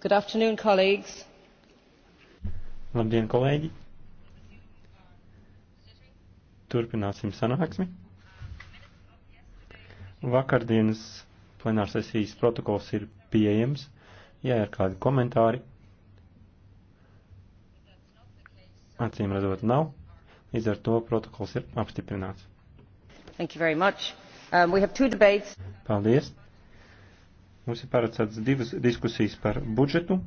Good afternoon, colleagues. Labdien, kolēģi! Turpināsim sanāksmi. Vakardienas plenārsesijas protokols ir pieejams. Ja ir kādi komentāri, acīm redzot nav, līdz ar to protokols ir apstiprināts. Thank you very much. Um, we have two debates. Paldies. Mums ir paredzēts divas diskusijas par budžetu.